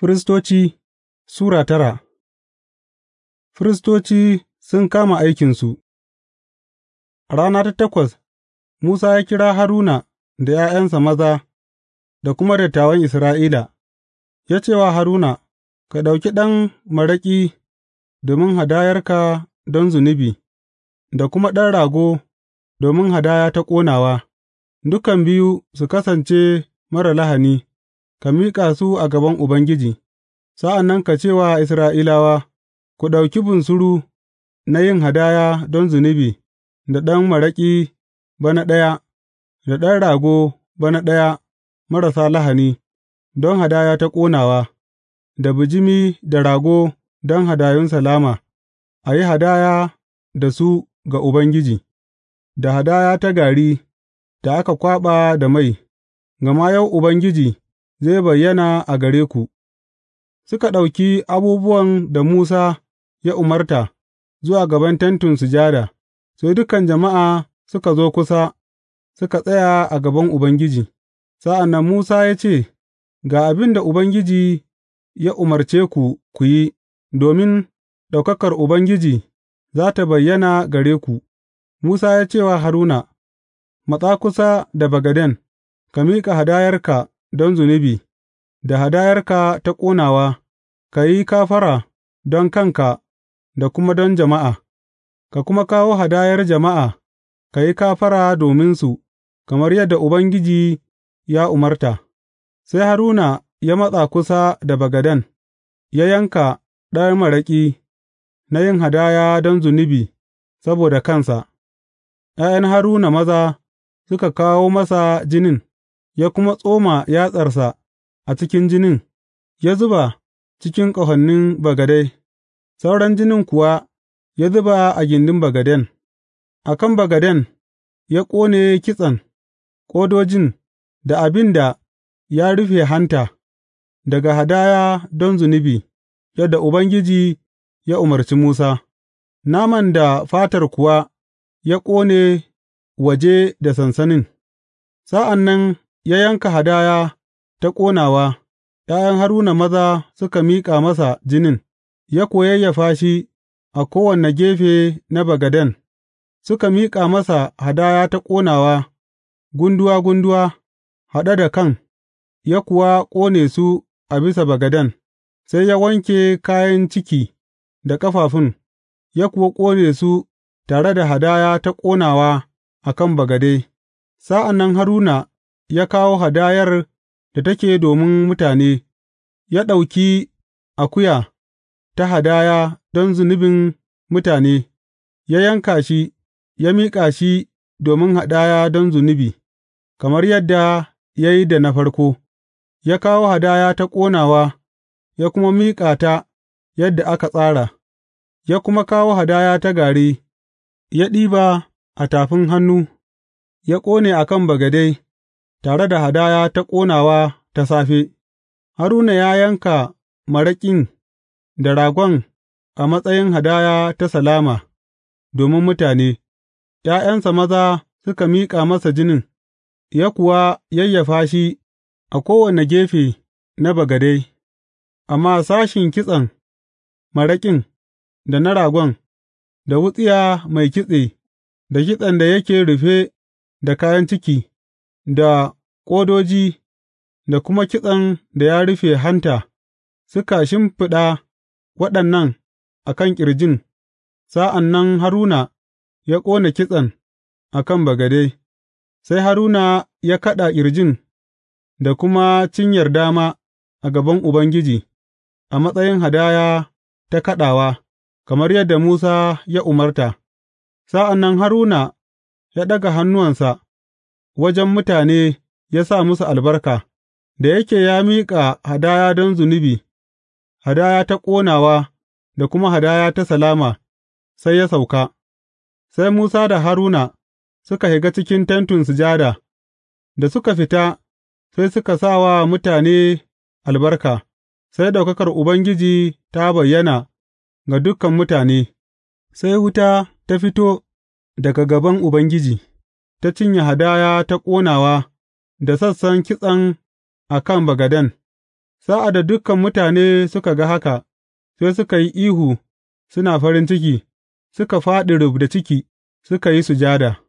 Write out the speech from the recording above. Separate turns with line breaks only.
Firistoci Sura tara Firistoci sun kama aikinsu A rana ta takwas, Musa ya kira Haruna da ’ya'yansa maza da kuma dattawan Isra'ila, ya ce wa Haruna, Ka ɗauki ɗan maraƙi domin hadayarka don zunubi, da kuma ɗan rago domin hadaya ta ƙonawa, dukan biyu su kasance mara lahani. ka miƙa su a gaban Ubangiji, sa'an nan ka ce wa Isra'ilawa, Ku ɗauki bunsuru na yin hadaya don zunubi, da ɗan maraƙi bana ɗaya, da ɗan rago bana ɗaya marasa lahani, don hadaya ta ƙonawa, da bijimi da rago don hadayun salama, a yi hadaya da su ga Ubangiji, da hadaya ta gari da aka kwaɓa da mai, gama yau Ubangiji zai bayyana a gare ku, suka ɗauki abubuwan da Musa ya umarta zuwa gaban Tentin Sujada, sai dukan jama'a suka zo kusa suka tsaya a gaban Ubangiji, sa'an nan Musa ya ce, Ga abin da Ubangiji ya umarce ku ku yi, domin ɗaukakar Ubangiji za ta bayyana gare ku, Musa ya ce wa Haruna, Matsa kusa da bagaden, ka miƙa hadayarka don zunubi, da hadayarka ta ƙonawa, ka yi kafara don kanka da kuma don jama'a, ka kuma kawo hadayar jama'a, ka yi kafara dominsu, kamar yadda Ubangiji ya umarta. Sai Haruna ya matsa kusa da bagaden, ya yanka ɗan maraƙi na yin hadaya don zunubi saboda kansa, ’ya'yan Haruna maza suka kawo masa jinin. ya kuma tsoma yatsarsa a cikin jinin, ya zuba cikin ƙahonin bagade, sauran jinin kuwa ya zuba a gindin bagaden, a kan bagaden ya ƙone kitsen, ƙodojin da abin da ya rufe hanta daga hadaya don zunubi, yadda Ubangiji ya umarci Musa, naman da fatar kuwa ya ƙone waje da sansanin, sa'an nan ya yanka hadaya ta ƙonawa, ’ya'yan Haruna maza suka miƙa masa jinin, ya kuwa yayyafa shi a kowane gefe na bagaden, suka miƙa masa hadaya ta ƙonawa gunduwa gunduwa haɗe da kan, ya kuwa ƙone su a bisa bagaden, sai ya wanke kayan ciki da ƙafafun, ya kuwa ƙone su tare da hadaya ta ƙonawa a kan bagade, sa'an nan Haruna ya kawo hadayar da take domin mutane, ya ɗauki akuya ta hadaya don zunubin mutane, ya yanka shi, ya miƙa shi domin hadaya don zunubi, kamar yadda ya yi da na farko, ya kawo hadaya ta ƙonawa, ya kuma miƙa ta yadda aka tsara, ya kuma kawo hadaya ta gari, ya ɗiba a tafin hannu, ya ƙone a kan bagade. tare da hadaya ta ƙonawa ta safe, Haruna ya yanka maraƙin da ragon a matsayin hadaya ta salama domin mutane, ’ya'yansa maza suka miƙa masa jinin, ya kuwa yayyafa shi a kowane gefe na bagade, amma sashin kitsen maraƙin da na ragon, da wutsiya mai kitse, da kitsen da yake rufe da kayan ciki. da ƙodoji da kuma kitsen da ya rufe hanta, suka shimfiɗa waɗannan a kan ƙirjin, sa'an nan Haruna ya ƙone kitsen a kan bagade, sai Haruna ya kaɗa ƙirjin da kuma cinyar dama a gaban Ubangiji a matsayin hadaya ta kaɗawa, kamar yadda Musa ya umarta, sa'an nan Haruna ya ɗaga hannuwansa. wajen mutane ya sa musu albarka, da yake ya miƙa hadaya don zunubi, hadaya ta ƙonawa da kuma hadaya ta salama, sai ya sauka, sai Musa da Haruna suka shiga cikin tentin sujada, da suka fita, sai suka sa wa mutane albarka, sai ɗaukakar Ubangiji ta bayyana ga dukan mutane, sai wuta ta fito daga gaban Ubangiji. ta cinye hadaya ta ƙonawa da sassan kitsen a kan bagaden, sa'ad da dukan mutane suka ga haka, sai suka yi ihu suna farin ciki, suka fāɗi rubda ciki, suka yi sujada.